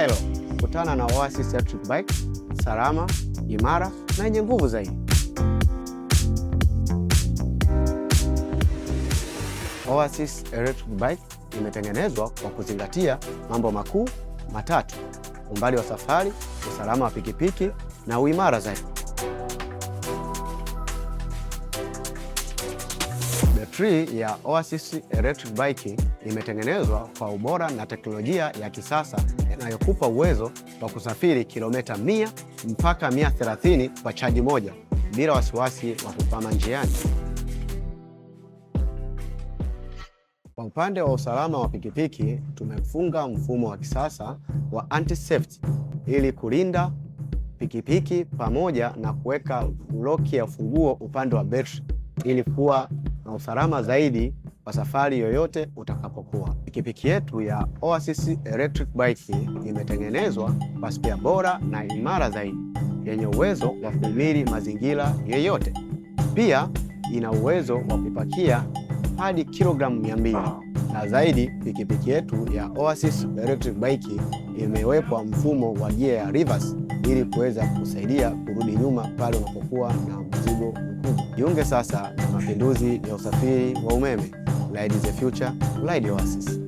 Hello, kutana na Oasis Electric Bike, salama, imara na yenye nguvu zaidi. Oasis Electric Bike imetengenezwa kwa kuzingatia mambo makuu matatu: umbali wa safari, usalama wa pikipiki na uimara zaidi. Battery ya Oasis Electric Bike imetengenezwa kwa ubora na teknolojia ya kisasa inayokupa uwezo wa kusafiri kilomita 100 mpaka 130 kwa chaji moja bila wasiwasi wa kukwama njiani. Kwa upande wa usalama wa pikipiki, tumefunga mfumo wa kisasa wa anti-theft ili kulinda pikipiki pamoja na kuweka loki ya funguo upande wa betri ili kuwa na usalama zaidi kwa safari yoyote utakapokuwa. Pikipiki yetu ya Oasis Electric Bike imetengenezwa kwa spia bora na imara zaidi yenye uwezo wa kuhimili mazingira yoyote Pia ina uwezo wa kupakia hadi kilogramu 200 na zaidi, pikipiki yetu ya Oasis Electric Bike imewekwa mfumo wa gia ya reverse ili kuweza kusaidia kurudi nyuma pale unapokuwa na mzigo mkubwa. Jiunge sasa na mapinduzi ya usafiri wa umeme. Ride the future, ride Oasis.